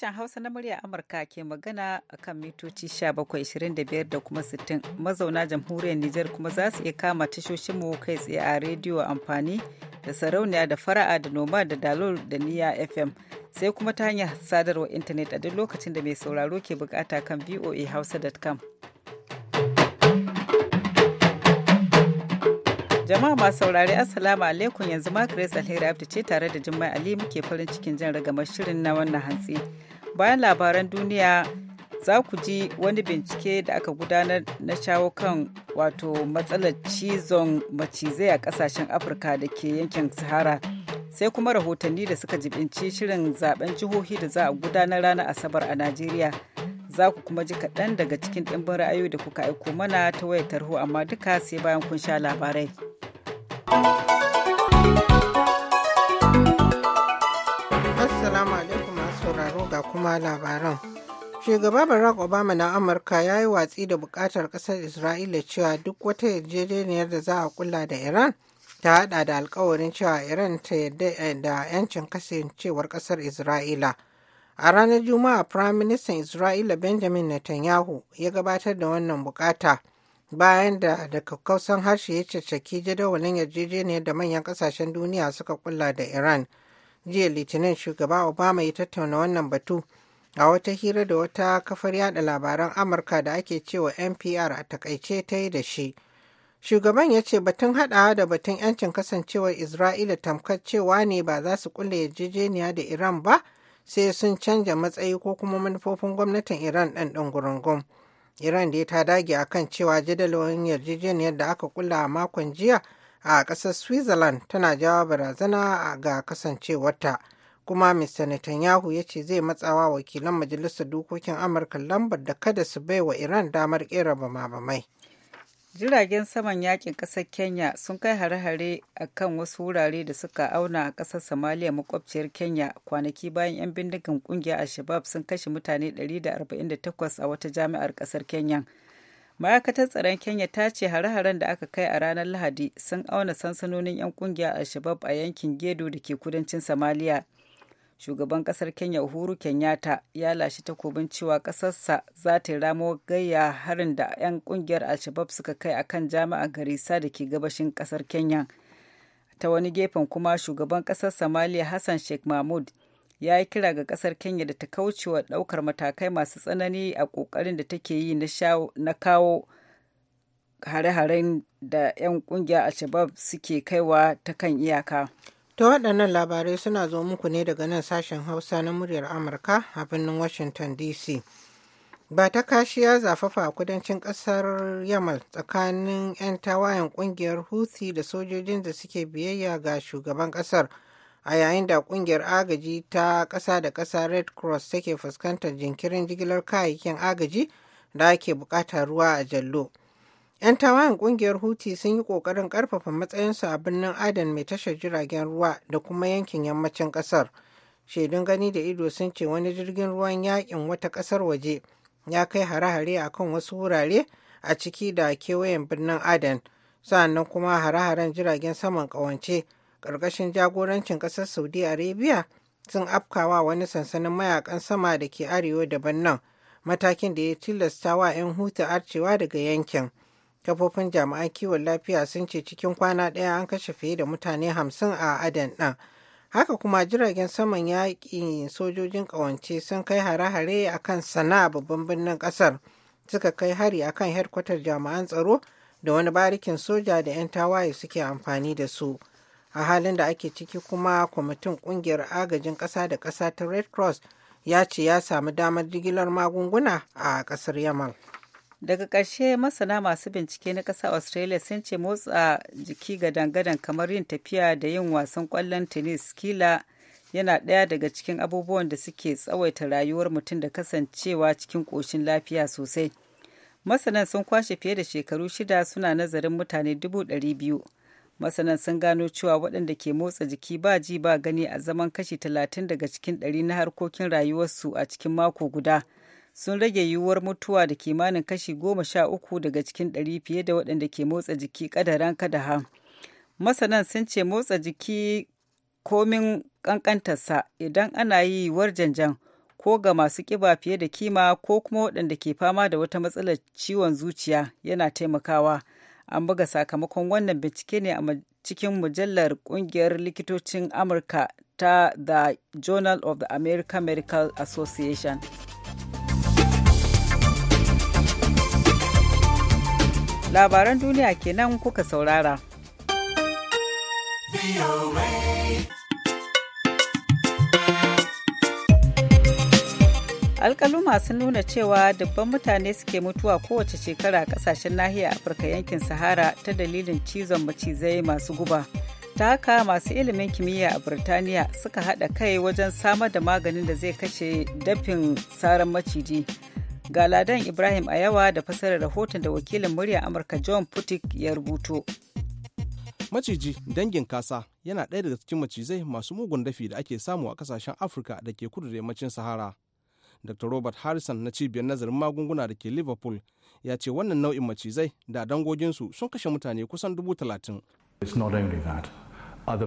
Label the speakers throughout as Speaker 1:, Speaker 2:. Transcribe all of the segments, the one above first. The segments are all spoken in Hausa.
Speaker 1: Sashen Hausa na murya Amurka ke magana a kan mitoci 1725 da kuma 60 mazauna jamhuriyar Nijar kuma za su iya kama tashoshinmu kai tsaye a rediyo amfani da sarauniya da fara'a da noma da dalol da niya FM sai kuma ta hanyar sadarwar intanet a duk lokacin da mai sauraro ke bukata kan voa hausa.com. Jama'a masu saurare Assalamu alaikum yanzu ma Grace Alheri Abdi ce tare da Jummai Ali muke farin cikin jan ragamar shirin na wannan hantsi. Bayan labaran duniya za ku ji wani bincike da aka gudanar na shawo kan wato matsalar cizon macizai a kasashen Afirka da ke yankin Sahara. Sai kuma rahotanni da suka jibinci shirin zaben jihohi da za a gudanar ranar Asabar a Najeriya. za ku kuma ji kaɗan daga cikin ɗimbin ra'ayoyi da kuka aiko mana ta wayar tarho amma duka sai bayan kun sha labarai.
Speaker 2: Assalamu alaikum masu sauraro ga kuma labaran. Shugaba Barack Obama na Amurka ya yi watsi da bukatar kasar Isra'ila cewa duk wata yarjejeniyar da za a kula da Iran ta hada da alkawarin cewa Iran ta yadda eh, da 'yancin kasancewar kasar Isra'ila. A ranar Juma'a, Firaministan Isra'ila Benjamin Netanyahu ya gabatar da wannan bukata. bayan da da kakkausan harshe ya caccaki jadawalin yarjejeniyar da manyan kasashen duniya suka kulla da iran jiya litinin shugaba obama ya tattauna wannan batu a wata hira da wata kafar yada labaran amurka da ake cewa npr a takaice ta yi da shi shugaban ya ce batun hadawa da batun yancin kasancewar isra'ila tamkar cewa ne ba za su kulle yarjejeniya da iran ba sai sun canja matsayi ko kuma manufofin gwamnatin iran ɗan ɗan gurungun iran da ta dage a kan cewa jadawalin yarjejeniyar da aka kula a makon jiya a ƙasar switzerland tana jawo barazana ga kasancewarta kuma mr netanyahu ya ce zai matsawa wakilan majalisar dokokin amurka lambar da kada su baiwa iran damar kera bama-bamai
Speaker 1: jiragen saman yakin ƙasar kenya sun kai hare-hare a kan wasu wurare da suka auna a ƙasar somalia makwabciyar kenya kwanaki bayan 'yan bindigan ƙungiya a shabab sun kashe mutane 148 a wata jami'ar ƙasar kenya ma'aikatar tsaron kenya ta ce hare-haren da aka kai a ranar lahadi sun auna sansanonin 'yan ƙungiyar a shabab a yankin gedo da ke kudancin somalia shugaban kasar kenya uhuru kenyatta ya lashe takobin cewa kasarsa za ta ramo gayya harin da 'yan kungiyar alshabab suka kai a kan jami'ar garisa da ke gabashin kasar kenya ta wani gefen kuma shugaban kasar somalia hassan sheikh mahmud ya yi kira ga kasar kenya da ta kaucewa daukar matakai masu tsanani a kokarin da take yi na kawo hare-haren da 'yan kungiyar alshabab suke kaiwa
Speaker 2: ta kan iyaka Ta waɗannan labarai suna zo muku ne daga nan sashen Hausa na muryar Amurka a birnin Washington DC. Ba ta kashi ya zafafa a kudancin ƙasar Yamal tsakanin 'yan tawayen ƙungiyar Houthi da sojojin da suke biyayya ga shugaban ƙasar a yayin da ƙungiyar agaji ta ƙasa da ƙasa Red Cross take fuskantar jinkirin jigilar kayayyakin agaji da ake buƙatar ruwa a jallo. 'Yan tawayen kungiyar Huti sun yi ƙoƙarin ƙarfafa matsayinsu a birnin Adan mai tashar jiragen ruwa da kuma yankin yammacin ƙasar. Shaidun gani da ido sun ce wani jirgin ruwan yakin wata ƙasar waje ya kai hare-hare a kan wasu wurare a ciki da kewayen birnin Aden, sa'annan kuma hare-haren jiragen saman ƙawance ƙarƙashin jagorancin ƙasar Saudi Arabia sun afkawa wani sansanin mayakan sama da ke arewa daban nan matakin da ya tilasta wa 'yan hutu arcewa daga yankin. kafofin jami'an kiwon lafiya sun ce cikin kwana ɗaya an kashe fiye da mutane hamsin a adan ɗin haka kuma jiragen saman yaƙin sojojin ƙawance sun kai hare-hare a kan sana'a babban birnin ƙasar suka kai hari a kan hedkwatar jami'an tsaro da wani barikin soja da 'yan tawaye suke amfani da su a halin da ake ciki kuma kwamitin ƙungiyar agajin ƙasa da ƙasa ta red cross ya ce ya samu damar jigilar magunguna a ƙasar yamal. daga
Speaker 1: ƙarshe masana masu bincike na ƙasa australia sun ce motsa jiki ga dangadan kamar yin tafiya da yin wasan ƙwallon tennis kila yana ɗaya daga cikin abubuwan da suke tsawaita rayuwar mutum da kasancewa cikin ƙoshin lafiya sosai masanan sun kwashe fiye da shekaru shida suna nazarin mutane dubu ɗari biyu masanan sun gano cewa waɗanda ke motsa jiki ba ji ba gani a zaman kashi talatin daga cikin ɗari na harkokin rayuwarsu a cikin mako guda sun rage yiwuwar mutuwa da kimanin kashi goma sha uku daga cikin ɗari fiye da waɗanda ke motsa jiki kadaran kadaha masanan sun ce motsa jiki komin ƙanƙantarsa idan ana yi yiwuwar janjan ko ga masu ƙiba fiye da kima ko kuma waɗanda ke fama da wata matsalar ciwon zuciya yana taimakawa an buga sakamakon wannan bincike ne a cikin mujallar ƙungiyar likitocin amurka ta the journal of the american medical association labaran duniya kenan kuka saurara. alkalu masu nuna cewa dubban mutane suke mutuwa kowace shekara a kasashen nahiyar afirka yankin sahara ta dalilin cizon macizai masu guba ta haka masu ilimin kimiyya a birtaniya suka haɗa kai wajen samar da maganin da zai kashe dafin saran maciji Ga Ladan Ibrahim Ayawa da fasarar rahoton
Speaker 3: da wakilin murya Amurka John Putik ya rubuto. Maciji dangin kasa yana ɗaya daga cikin macizai masu mugun dafi da ake samu a kasashen Afirka da ke kudu da yammacin Sahara. Dr. Robert Harrison na cibiyar nazarin magunguna da ke Liverpool ya ce wannan nau'in macizai da dangoginsu sun kashe mutane kusan dubu talatin.
Speaker 4: It's not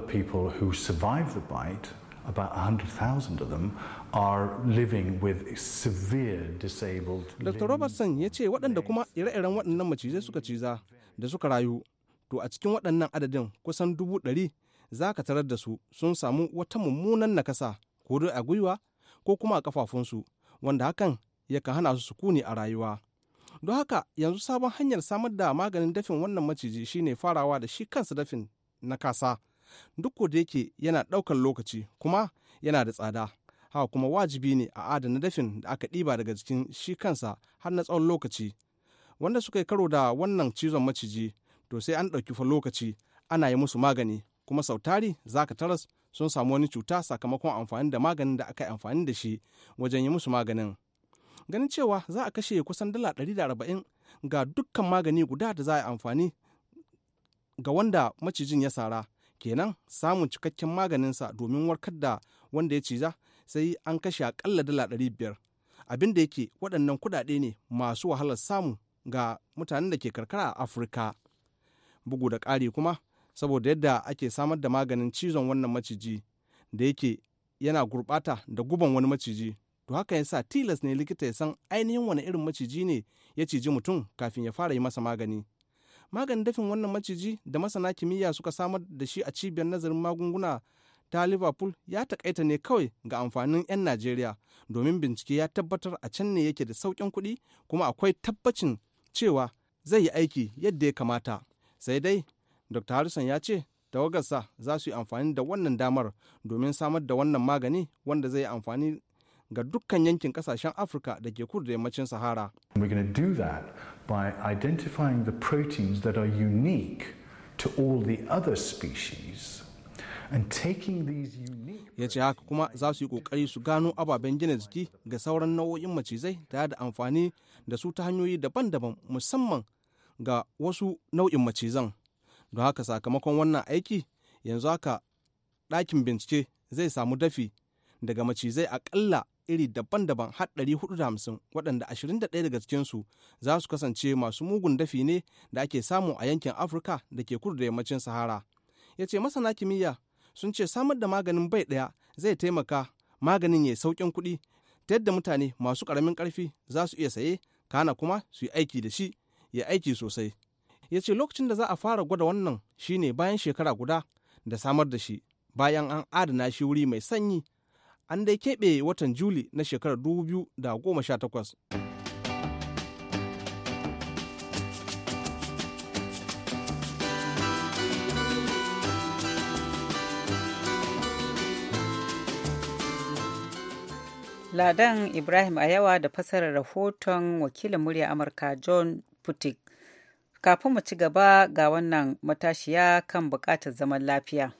Speaker 4: people who survive the bite about 100,000 of them are living with severe disabled. Dr.
Speaker 3: Robertson ya ce waɗanda kuma ire-iren waɗannan macizai suka ciza da suka rayu, to a cikin waɗannan adadin kusan dubu ɗari za ka tarar da su sun samu wata mummunan nakasa ko dai a gwiwa ko kuma a kafafunsu wanda hakan ya ka hana su sukuni a rayuwa. Don haka yanzu sabon hanyar samar da maganin dafin wannan maciji shine farawa da shi kansa dafin na kasa. duk da yake yana ɗaukar lokaci kuma yana da tsada haka kuma wajibi ne a adana dafin da aka ɗiba daga jikin shi kansa har na tsawon lokaci wanda suka yi karo da wannan cizon maciji to sai an ɗauki fa lokaci ana yi musu magani kuma sau tari zaka taras sun samu wani cuta sakamakon amfani da maganin da aka yi amfani da shi wajen yi musu maganin ganin cewa za a kashe kusan dala da arba'in ga dukkan magani guda da za a yi amfani ga wanda macijin ya sara kenan samun cikakken maganinsa domin warkar da wanda ya ciza sai an kashe akalla dala ɗari biyar abin da yake waɗannan kuɗaɗe ne masu wahalar samu ga mutanen da ke karkara a afirka bugu da ƙari kuma saboda yadda ake samar da maganin cizon wannan maciji da yake yana gurɓata da guban wani maciji to haka yasa tilas ne likita ya san ainihin wani irin maciji ne ya ciji mutum kafin ya fara yi masa magani maganin dafin wannan maciji da masana kimiyya suka samar da shi a cibiyar nazarin magunguna ta liverpool ya takaita ne kawai ga amfanin 'yan najeriya domin bincike ya tabbatar a can ne yake da sauƙin kuɗi kuma akwai tabbacin cewa zai yi aiki yadda ya kamata sai dai dr harrison ya ce tawagarsa za su yi amfani da wannan damar domin samar da wannan magani wanda zai yi amfani ga dukkan yankin kasashen afirka da ke kudu da yammacin sahara
Speaker 4: du-that by identifying the proteins that are unique to all the other species
Speaker 3: ya ce haka kuma za su yi kokari su gano ababen gina jiki ga sauran nau'o'in macizai tare da amfani da su ta hanyoyi daban-daban musamman ga wasu nau'in macizan don haka sakamakon wannan aiki yanzu haka ɗakin bincike zai samu dafi daga macizai aƙalla. iri daban-daban har 450 waɗanda 21 daga cikinsu za su kasance masu mugun dafi ne da ake samu a yankin afirka da ke kudu da yammacin sahara ya ce masana kimiyya sun ce samar da maganin bai ɗaya zai taimaka maganin ya sauƙin kuɗi ta yadda mutane masu ƙaramin ƙarfi za su iya saye kana kuma su yi aiki da shi ya aiki sosai ya ce lokacin da za a fara gwada wannan shine bayan shekara guda da samar da shi bayan an adana shi wuri mai sanyi an dai keɓe watan juli na shekarar 2018
Speaker 1: Ladan Ibrahim Ayawa da fasarar rahoton wakilin murya Amurka John Putik. Kafin mu ci gaba ga wannan matashiya kan bukatar zaman lafiya.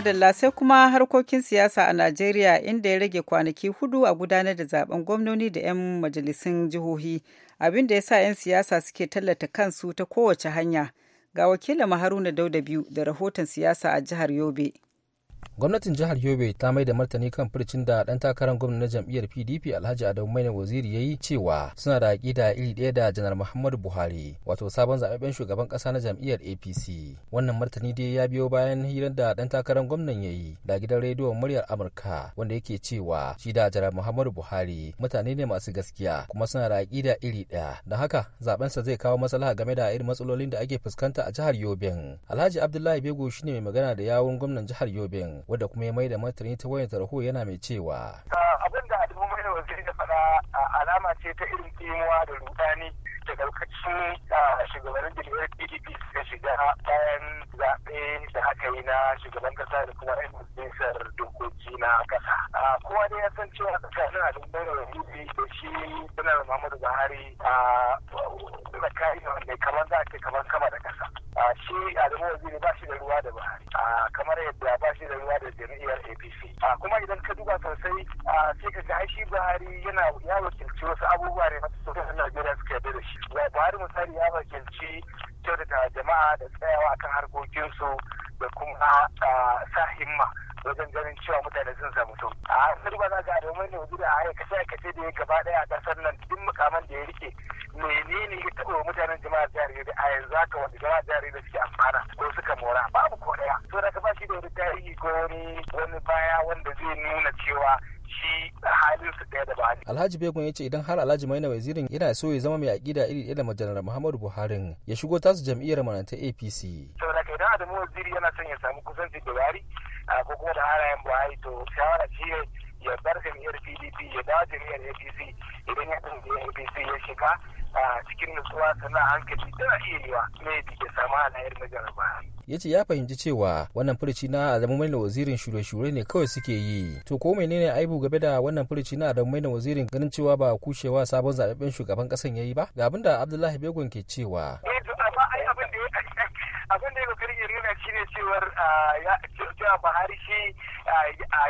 Speaker 1: madalla sai kuma harkokin siyasa a najeriya inda ya rage kwanaki hudu a gudanar da zaben gwamnoni da 'yan majalisun jihohi abin da ya sa 'yan siyasa suke tallata kansu ta kowace hanya ga wakilin haruna dauda biyu da rahoton siyasa a jihar yobe
Speaker 5: gwamnatin jihar yobe ta mai da martani kan furcin da dan takarar gwamna na jam'iyyar pdp alhaji adamu maina waziri ya yi cewa suna da aƙida iri ɗaya da janar muhammadu buhari wato sabon zaɓaɓɓen shugaban ƙasa na jam'iyyar apc wannan martani dai ya biyo bayan hirar da dan takarar gwamnan ya yi da gidan rediyon muryar amurka wanda yake cewa shi da janar muhammadu buhari mutane ne masu gaskiya kuma suna da aƙida iri ɗaya don haka zaɓensa zai kawo maslaha game da irin matsalolin da ake fuskanta a jihar yobe alhaji abdullahi bego shine mai magana da yawun gwamnan jihar yobe wadda kuma ya da martani ta wayan tarho yana mai cewa
Speaker 6: ah, abin da adamu mai waziri da faɗa ah, alama ce ta irin kimowa da rudani da karkacin ah, shugabannin jirgin pdp suka shiga bayan zaɓe da haka yi na shugaban kasa da kuma yan majalisar dokoki na kasa kowa dai ya san cewa tsakanin al'ummar waziri da shi sanar muhammadu buhari a tsakani wanda kamar za a ce kamar kama da kasa a shi adamu waziri ba shi da ruwa da bahari a kamar yadda ba shi da ruwa da jam'iyyar apc a kuma idan ka duba sosai a sai ka ga shi buhari yana ya wakilci wasu abubuwa ne masu sosai najeriya suka yarda da shi buhari misali ya wakilci kyautata jama'a da tsayawa kan harkokinsu da kuma sa himma wajen ganin cewa mutane sun samu to a asali ba za ga domin ne wajiri a aikace aikace da ya gaba daya a kasar nan duk mukaman da ya rike menene ya taɓa wa mutanen jama'a jihar Yobe a yanzu haka wanda jama'ar jihar Yobe suke amfana ko suka mora babu ko ɗaya to da ka ba da wani tarihi ko wani wani baya wanda zai nuna cewa shi halin su ɗaya da ba
Speaker 5: Alhaji Begun ya ce idan har Alhaji Maina Wazirin yana so ya zama mai aƙida iri ɗaya da majalar Muhammadu Buhari ya shigo tasu jam'iyyar mana ta APC.
Speaker 6: Saboda ka idan Adamu Waziri yana son ya samu kusanci da Buhari ko kuma da halayen Buhari to shawara shi ya bar jam'iyyar PDP ya dawo jam'iyyar APC idan ya ɗan APC ya shiga a cikin nutsuwa sannan hankali tana iya yiwa ne da ke samu halayen na jaraba.
Speaker 5: ya ce ya fahimci cewa wannan furici na adamu maina wazirin shure-shure ne kawai suke yi to ko menene aibu game da wannan furici na adamu maina wazirin ganin cewa ba kushewa sabon zaɓen shugaban ƙasan ya yi ba ga abin da abdullahi begon ke cewa
Speaker 6: eh, abin da ya kokari ya nuna shi ne cewar cewa buhari shi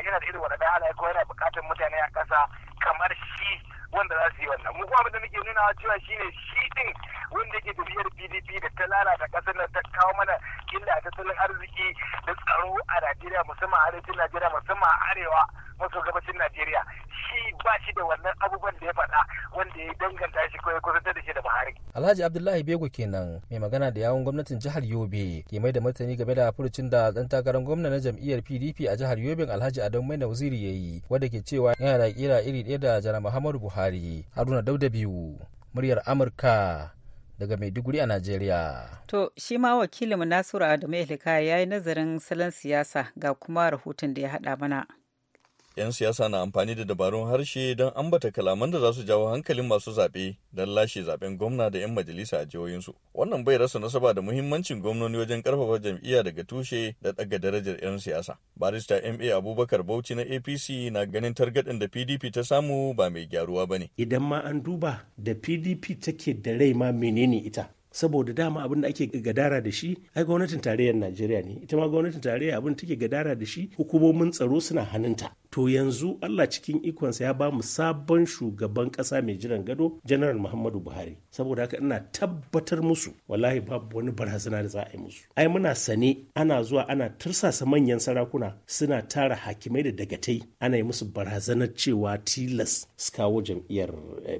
Speaker 6: yana da irin wani halaye ko yana bukatar mutane a ƙasa kamar shi wanda za su yi wannan mu kuma da nake nuna cewa shine shi din wanda yake tafiyar PDP da ta lalata kasar nan ta kawo mana illa a tattalin arziki da tsaro a Najeriya musamman a arewacin Najeriya musamman a arewa maso gabashin Najeriya shi ba shi da wannan abubuwan da ya faɗa wanda ya danganta shi ko ya kusantar
Speaker 5: Alhaji Abdullahi Bego kenan mai magana da yawun gwamnatin jihar Yobe ke mai da martani game da furucin da dan takarar gwamna na jam'iyyar PDP a jihar Yobe Alhaji Adamu Maina Waziri yi wanda ke cewa yana da kira iri ɗaya da Jana Muhammadu Buhari Haruna Dauda biyu muryar Amurka daga Maiduguri a Najeriya.
Speaker 1: To shi ma wakilinmu Nasiru Adamu Elika ya yi nazarin salon siyasa ga kuma rahoton da ya haɗa mana.
Speaker 4: 'Yan siyasa na amfani da dabarun harshe don ambata kalaman da za su jawo hankalin masu zaɓe don lashe zaɓen gwamna da 'yan majalisa a jihohinsu. Wannan bai rasa nasaba da muhimmancin gwamnoni wajen ƙarfafa jam'iyya daga tushe da ɗaga darajar 'yan siyasa. Barista MA Abubakar Bauchi na APC na ganin targaɗin da PDP ta samu ba mai gyaruwa ba ne. Idan ma an duba
Speaker 7: da PDP
Speaker 5: take da rai ma menene ita? saboda dama abin da ake gadara da shi ai gwamnatin tarayyar najeriya ne ita ma gwamnatin tarayya abin take gadara da shi hukumomin tsaro suna hannunta to yanzu Allah cikin ikonsa ya ba mu sabon shugaban kasa mai jiran gado janaral Muhammadu Buhari saboda haka ina tabbatar musu wallahi babu wani barazana da za a yi musu ai muna sane ana zuwa ana tursasa manyan sarakuna suna tara hakimai da dagatai ana yi musu barazanar cewa tilas su kawo jam'iyyar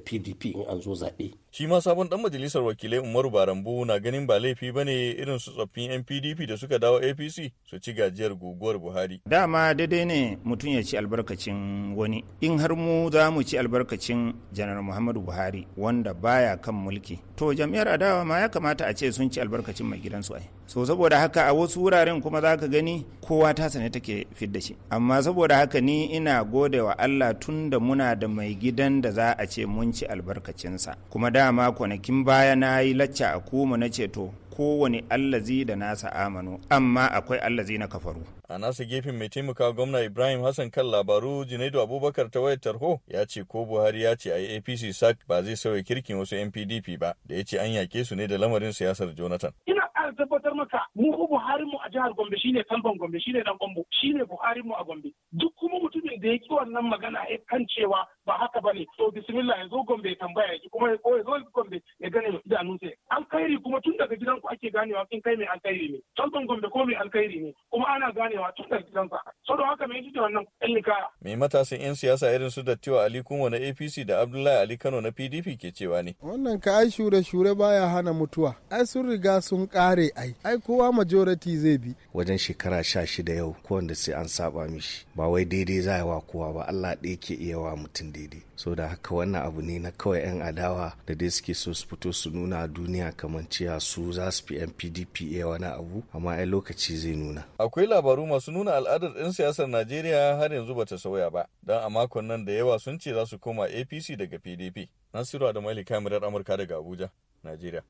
Speaker 5: PDP eh, in an zo zaɓe
Speaker 4: shi ma sabon dan majalisar wakilai umaru barambu na ganin ba laifi ba ne irin su tsoffin npdp da suka dawo apc su ci gajiyar guguwar buhari
Speaker 5: dama daidai ne mutum ya ci albarkacin wani in har mu za mu ci albarkacin janar muhammadu buhari wanda baya kan mulki to jam'iyyar adawa ma ya kamata a ce sun ci albarkacin mai gidansu ai so saboda haka a wasu wuraren kuma za ka gani kowa ta sane take fidda shi amma saboda haka ni ina gode wa allah tun da muna da mai gidan da za a ce mun ci albarkacinsa kuma dama kwanakin baya na yi lacca a kuma na ce to kowane allazi da nasa amanu
Speaker 4: amma akwai allazi na kafaru a nasa gefen mai taimaka gwamna ibrahim hassan kan labaru junaidu abubakar ta wayar tarho ya ce ko buhari ya ce a yi apc sac ba zai sauya kirkin wasu npdp ba da ya ce an yake su ne da lamarin siyasar jonathan
Speaker 6: ina ƙara tabbatar maka mu buhari mu a jihar gombe shine kamfan gombe shine dan gombe shine buhari mu a gombe duk kuma mutumin da ya ki wannan magana ya kan cewa ba haka bane to bismillah ya zo gombe ya tambaya ki kuma ko ya zo gombe ya gane sai an kairi kuma tun daga gidanku ake ganewa kin kai mai alkairi ne talban gombe ko mai alkairi ne kuma ana ganewa tun daga ku so don haka mai da wannan ɗan
Speaker 4: mai matasan yan siyasa irin su dattiwa ali kunwa na apc da abdullahi ali kano na pdp ke cewa ne
Speaker 6: wannan
Speaker 5: ka ai shure shure baya hana mutuwa ai sun riga sun kare ai ai kowa majority
Speaker 3: zai bi wajen shekara sha shida yau ko wanda sai an saba mishi ba wai daidai za wa kowa ba Allah ɗaya ke iya wa mutum daidai so da haka wannan abu ne na kawai 'yan adawa da dai suke so su fito su nuna a duniya kamar cewa su za su fi 'yan PDP iya wani abu amma ai lokaci zai nuna.
Speaker 4: Akwai labaru masu nuna al'adar 'yan siyasar Najeriya har yanzu bata sauya ba don a makon nan da yawa sun ce za su koma APC daga PDP. Nasiru Adamali kamarar Amurka daga Abuja, Najeriya.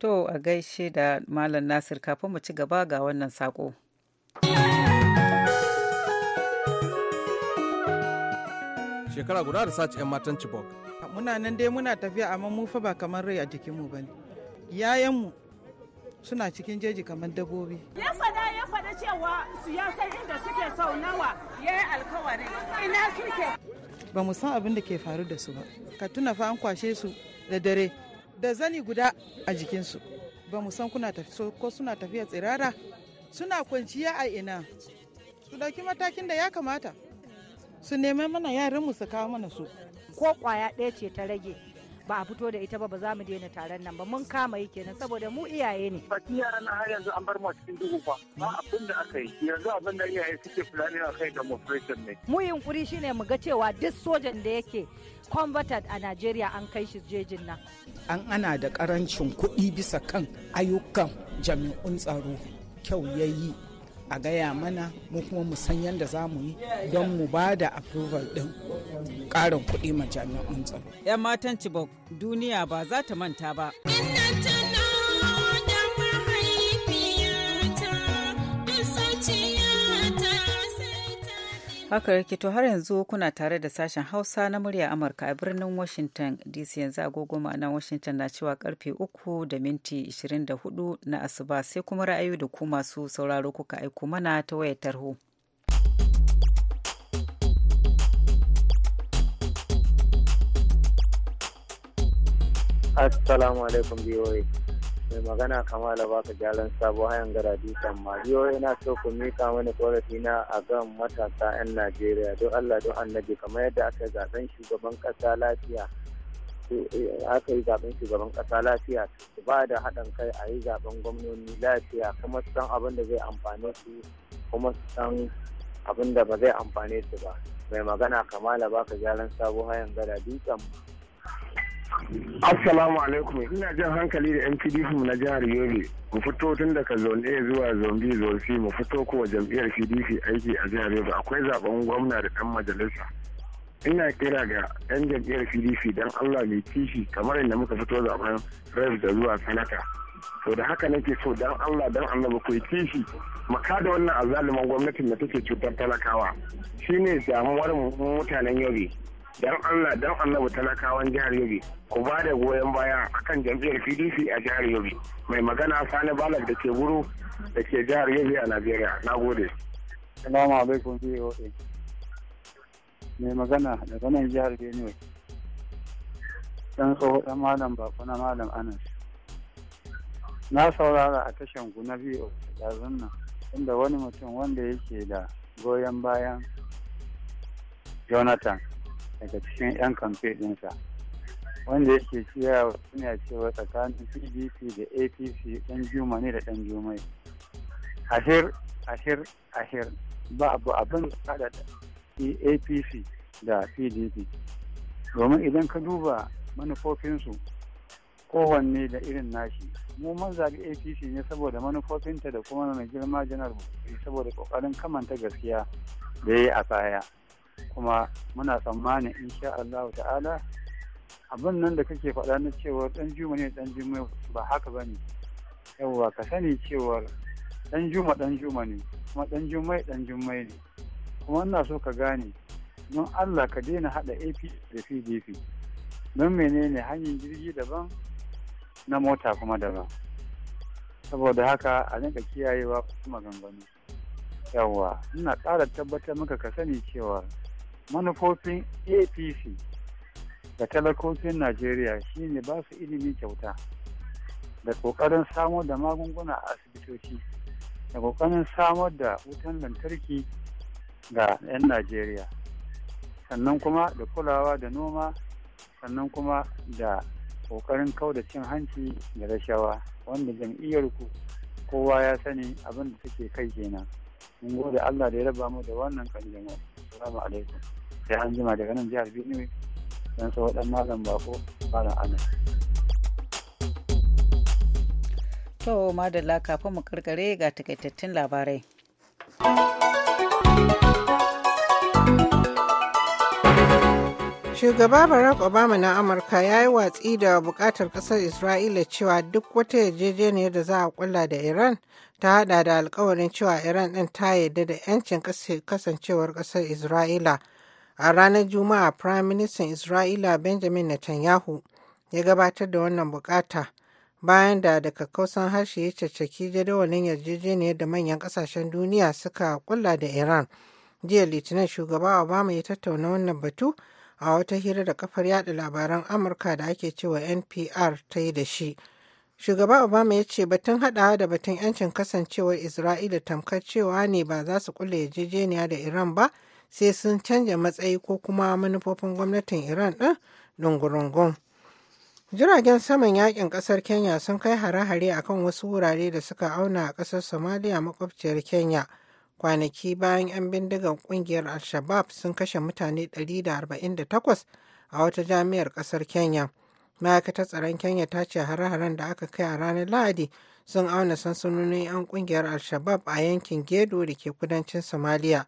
Speaker 1: To a gaishe da Malam Nasir kafin mu ci gaba ga wannan
Speaker 3: sako. shekara guda da sace 'yan matan Chibok.
Speaker 2: Muna nan dai muna tafiya amma mu fa ba kamar rai a jikinmu ba ne. mu suna cikin jeji kamar dabbobi.
Speaker 8: Ya
Speaker 9: fada ya fada cewa su ya san inda suke sau nawa yayi alkawari ina suke.
Speaker 2: Ba mu san abin da ke faru da su ba. Ka tuna fa an kwashe su da dare
Speaker 5: da zani guda a jikinsu. Ba mu san kuna tafi ko suna tafiya tsirara
Speaker 2: suna kwanciya a ina. Su dauki matakin da ya kamata. su neme mana yaran mu su kawo mana su ko kwaya ɗaya ce ta rage ba a fito da ita ba ba za
Speaker 1: mu daina taron nan ba mun kama yi kenan saboda mu iyaye ne.
Speaker 6: Baki yara na har yanzu an bar mu cikin dubu ba ba abin da aka yi yanzu abin da iyaye suke fulani a kai demonstration ne.
Speaker 1: Mu kuri shine mu ga cewa duk sojan da yake converted a Najeriya an kai shi jejin nan. An ana da karancin kuɗi bisa kan ayyukan jami'un tsaro kyau ya yi a gaya mana mu kuma mu san yadda za mu yi don mu ba da approval din karin kuɗi ma jami'an tsaro. 'Yan matan Chibok duniya ba za ta manta ba. Haka yake to har yanzu kuna tare da sashen Hausa na murya Amurka a birnin Washington DC yanzu agogo ma'ana Washington na cewa karfe 3 da minti 24 na asuba sai kuma ra'ayi da ku masu sauraro kuka aiko mana ta wayar tarho.
Speaker 7: Assalamu alaikum BOA. mai magana kamala baka jalan sabo hayan garadi dukan mariyo yana so ku mika mani korafi na a gan matasa 'yan najeriya don allah don annabi kamar yadda aka zaben shugaban kasa lafiya aka yi zaben shugaban kasa lafiya su ba da haɗin kai a yi zaben gwamnoni lafiya kuma su san abin da zai amfane su kuma su san abin da ba zai amfane su ba mai magana kamala baka gyaran sabo hayan garadi samma Assalamu alaikum ina jan hankali da NPDP na jihar Yobe mu fito tun daga zone A zuwa zombi zofi mu fito kowa jam'iyyar PDP aiki a jihar Yobe akwai zaben gwamna da dan majalisa ina kira ga 'yan jam'iyyar pdp dan allah mai kishi kamar yadda muka fito zaben rev da zuwa sanata to da haka nake so dan allah Allah mu ku kishi maka da wannan azaliman gwamnatin da take cutar talakawa shine damuwar mutanen yobe dan Allah dan annabi talakawan jihar Yobe ku ba da goyon baya akan jam'iyyar PDP a jihar Yobe mai magana Sani Balak da ke buru da ke jihar Yobe a Najeriya nagode Assalamu alaikum VOA mai magana daga nan jihar Benue dan tsoho dan malam bako na malam Anas na saurara a tashan ku na VOA yanzu nan inda wani mutum wanda yake da goyon bayan Jonathan daga cikin 'yan kamfe ɗinsa wanda yake cewa suna cewa tsakanin pdp da apc ɗan juma ne da ɗan jumai ahir ahir ahir ba abu abin da apc da pdp domin idan ka duba manufofinsu kowanne da irin nashi mu mun zaɓi apc ne saboda manufofinta da kuma mai girma janar saboda ƙoƙarin kamanta gaskiya da ya yi a baya kuma muna tsammanin insha Allah ta'ala abin nan da kake faɗa na cewa ɗan juma ne ɗan juma ba haka ba ne yawwa ka sani cewar ɗan juma ɗan juma ne kuma ɗan jumai ɗan jumai ne kuma ina so ka gane don Allah ka daina haɗa AP da PDP don menene hanyar jirgi daban na mota kuma daban saboda haka a rinka kiyayewa kuma gangano yawwa ina ƙara tabbatar maka ka sani cewa manufofin apc da talakokin najeriya shine ba su ilimi kyauta da kokarin samar da magunguna a asibitoci da kokarin samar da wutan lantarki ga 'yan najeriya sannan kuma da kulawa da noma sannan kuma da kokarin kauda cin hanci da rashawa wanda jam'iyyar ku kowa ya sani abin da take kai kenan mun gode allah da ya raba mu da wannan kanjamo. assalamu alaikum sai an jima daga nan jihar benue don sau dan malam bako malam anas
Speaker 1: to madalla kafin mu karkare ga takaitattun
Speaker 2: labarai Shugaba Barack Obama na Amurka ya yi watsi da bukatar kasar Isra'ila cewa duk wata yarjejeniyar da za a kulla da Iran ta hada da alkawarin cewa Iran ɗin ta yarda da 'yancin kasancewar kasar Isra'ila a ranar juma'a prime minister isra'ila benjamin netanyahu ya gabatar da wannan bukata bayan da daga kausan harshe ya caccaki jadawalin yarjejeniyar da manyan kasashen duniya suka kulla da iran jiya litinin shugaba obama ya tattauna wannan batu a wata hira da kafar yada labaran amurka da ake cewa npr ta yi da shi shugaba obama ya ce batun haɗawa da batun yancin kasancewar isra'ila tamkar cewa ne ba za su kulle yarjejeniya da iran ba sai sun canja matsayi ko kuma manufofin gwamnatin iran ɗin dungurungun jiragen saman yakin ƙasar kenya sun kai hare-hare a kan wasu wurare da suka auna a ƙasar somalia makwabciyar kenya kwanaki bayan 'yan bindigar ƙungiyar al-shabab sun kashe mutane 148 a wata jami'ar ƙasar kenya ma'aikatar tsaron kenya ta ce hare-haren da aka kai a ranar lahadi sun auna sansanonin 'yan ƙungiyar al-shabab a yankin gedo da ke kudancin somalia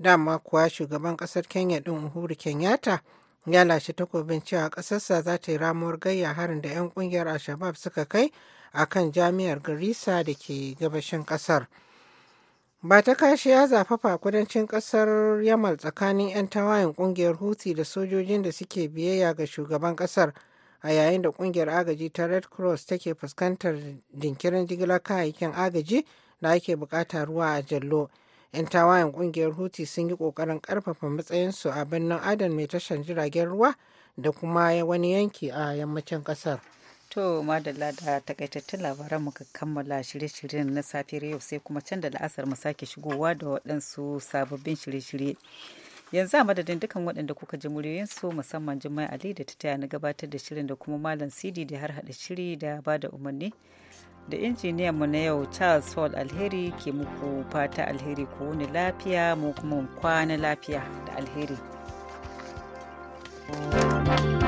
Speaker 2: dama kuwa shugaban kasar kenya din uhuru kenyatta ya lashe takobin cewa kasarsa za ta yi ramuwar gayya harin da 'yan kungiyar al-shabab suka kai a kan jami'ar garissa da ke gabashin kasar ba ta kashi ya zafafa kudancin kasar yamal tsakanin 'yan tawayen kungiyar huti da sojojin da suke biyayya ga shugaban kasar a yayin da kungiyar agaji ta red cross take fuskantar dinkirin jigilar kayayyakin agaji da ake bukata ruwa a jallo 'yan tawayen kungiyar huti sun yi kokarin karfafa matsayinsu a birnin adan mai tashar jiragen ruwa da kuma wani yanki a yammacin kasar
Speaker 1: to madalla da takaitattun labaran muka kammala shirye-shiryen na safiyar yau sai kuma can da la'asar mu sake shigowa da waɗansu sababbin shirye-shirye yanzu a madadin dukkan waɗanda kuka ji muryoyinsu musamman jimai ali da ta taya na gabatar da shirin da kuma malam sidi da har hada shiri da ba da umarni da injiniyan mu na yau charles hall alheri ke muku fata alheri ku wani lafiya mu kuma kwana lafiya da alheri thank you